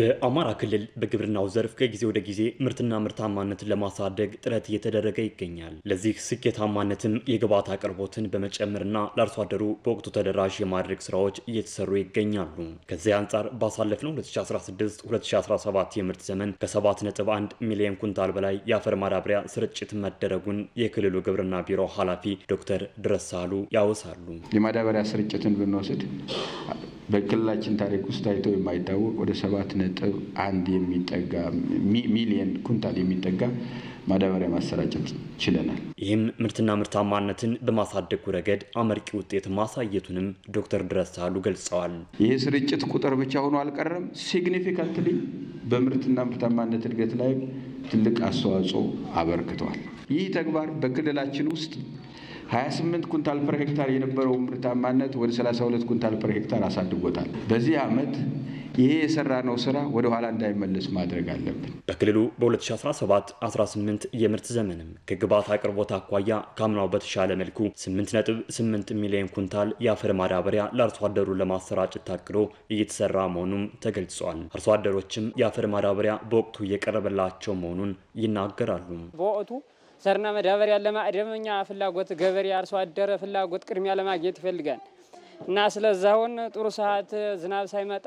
በአማራ ክልል በግብርናው ዘርፍ ከጊዜ ወደ ጊዜ ምርትና ምርታማነትን ለማሳደግ ጥረት እየተደረገ ይገኛል። ለዚህ ስኬታማነትም የግብዓት አቅርቦትን በመጨመርና ለአርሶ አደሩ በወቅቱ ተደራሽ የማድረግ ስራዎች እየተሰሩ ይገኛሉ። ከዚህ አንጻር ባሳለፍነው 2016-2017 የምርት ዘመን ከ7.1 ሚሊዮን ኩንታል በላይ የአፈር ማዳበሪያ ስርጭት መደረጉን የክልሉ ግብርና ቢሮ ኃላፊ ዶክተር ድረሳሉ ያወሳሉ። የማዳበሪያ ስርጭትን ብንወስድ በክልላችን ታሪክ ውስጥ ታይቶ የማይታወቅ ወደ ሰባት ነጥብ አንድ የሚጠጋ ሚሊየን ኩንታል የሚጠጋ ማዳበሪያ ማሰራጨት ችለናል። ይህም ምርትና ምርታማነትን በማሳደጉ ረገድ አመርቂ ውጤት ማሳየቱንም ዶክተር ድረሳሉ ገልጸዋል። ይህ ስርጭት ቁጥር ብቻ ሆኖ አልቀረም። ሲግኒፊካንትሊ በምርትና ምርታማነት እድገት ላይ ትልቅ አስተዋጽኦ አበርክተዋል። ይህ ተግባር በክልላችን ውስጥ 28 ኩንታል ፐር ሄክታር የነበረው ምርታማነት ወደ 32 ኩንታል ፐር ሄክታር አሳድጎታል። በዚህ ዓመት ይሄ የሰራነው ስራ ወደ ኋላ እንዳይመለስ ማድረግ አለብን። በክልሉ በ2017 18 የምርት ዘመንም ከግብዓት አቅርቦት አኳያ ከአምናው በተሻለ መልኩ 8.8 ሚሊዮን ኩንታል የአፈር ማዳበሪያ ለአርሶ አደሩ ለማሰራጨት ታቅዶ እየተሰራ መሆኑም ተገልጿል። አርሶ አደሮችም የአፈር ማዳበሪያ በወቅቱ እየቀረበላቸው መሆኑን ይናገራሉ። በወቅቱ ዘርና መዳበሪያ ለማዕደመኛ ፍላጎት ገበሬ አርሶ አደረ ፍላጎት ቅድሚያ ለማግኘት ይፈልጋል እና ስለዛሁን ጥሩ ሰዓት ዝናብ ሳይመጣ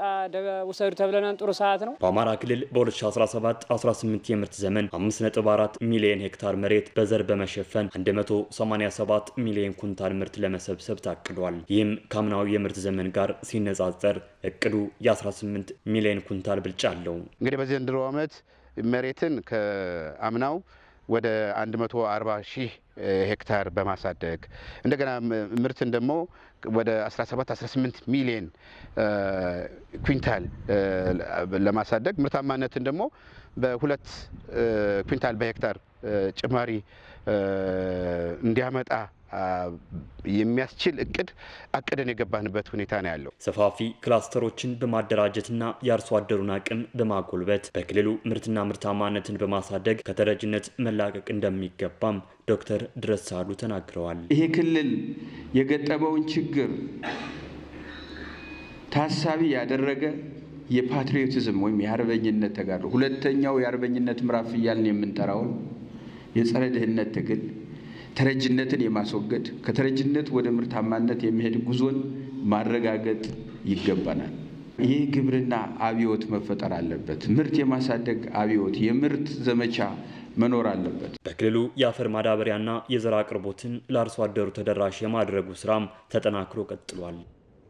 ውሰዱ ተብለናን ጥሩ ሰዓት ነው። በአማራ ክልል በ2017 18 የምርት ዘመን 5.4 ሚሊዮን ሄክታር መሬት በዘር በመሸፈን 187 ሚሊዮን ኩንታል ምርት ለመሰብሰብ ታቅዷል። ይህም ከአምናው የምርት ዘመን ጋር ሲነጻጸር እቅዱ የ18 ሚሊዮን ኩንታል ብልጫ አለው። እንግዲህ በዘንድሮ ዓመት መሬትን ከአምናው ወደ 140 ሺህ ሄክታር በማሳደግ እንደገና ምርትን ደግሞ ወደ 17 18 ሚሊዮን ኩንታል ለማሳደግ ምርታማነትን ደግሞ በሁለት ኩንታል በሄክታር ጭማሪ እንዲያመጣ የሚያስችል እቅድ አቅደን የገባንበት ሁኔታ ነው ያለው። ሰፋፊ ክላስተሮችን በማደራጀትና የአርሶ አደሩን አቅም በማጎልበት በክልሉ ምርትና ምርታማነትን በማሳደግ ከተረጅነት መላቀቅ እንደሚገባም ዶክተር ድረሳሉ ተናግረዋል። ይሄ ክልል የገጠመውን ችግር ታሳቢ ያደረገ የፓትሪዮቲዝም ወይም የአርበኝነት ተጋድሎ ሁለተኛው የአርበኝነት ምዕራፍ እያልን የምንጠራውን የጸረ ድህነት ትግል ተረጅነትን የማስወገድ ከተረጅነት ወደ ምርታማነት የሚሄድ ጉዞን ማረጋገጥ ይገባናል። ይህ ግብርና አብዮት መፈጠር አለበት። ምርት የማሳደግ አብዮት፣ የምርት ዘመቻ መኖር አለበት። በክልሉ የአፈር ማዳበሪያና የዘር አቅርቦትን ለአርሶ አደሩ ተደራሽ የማድረጉ ስራም ተጠናክሮ ቀጥሏል።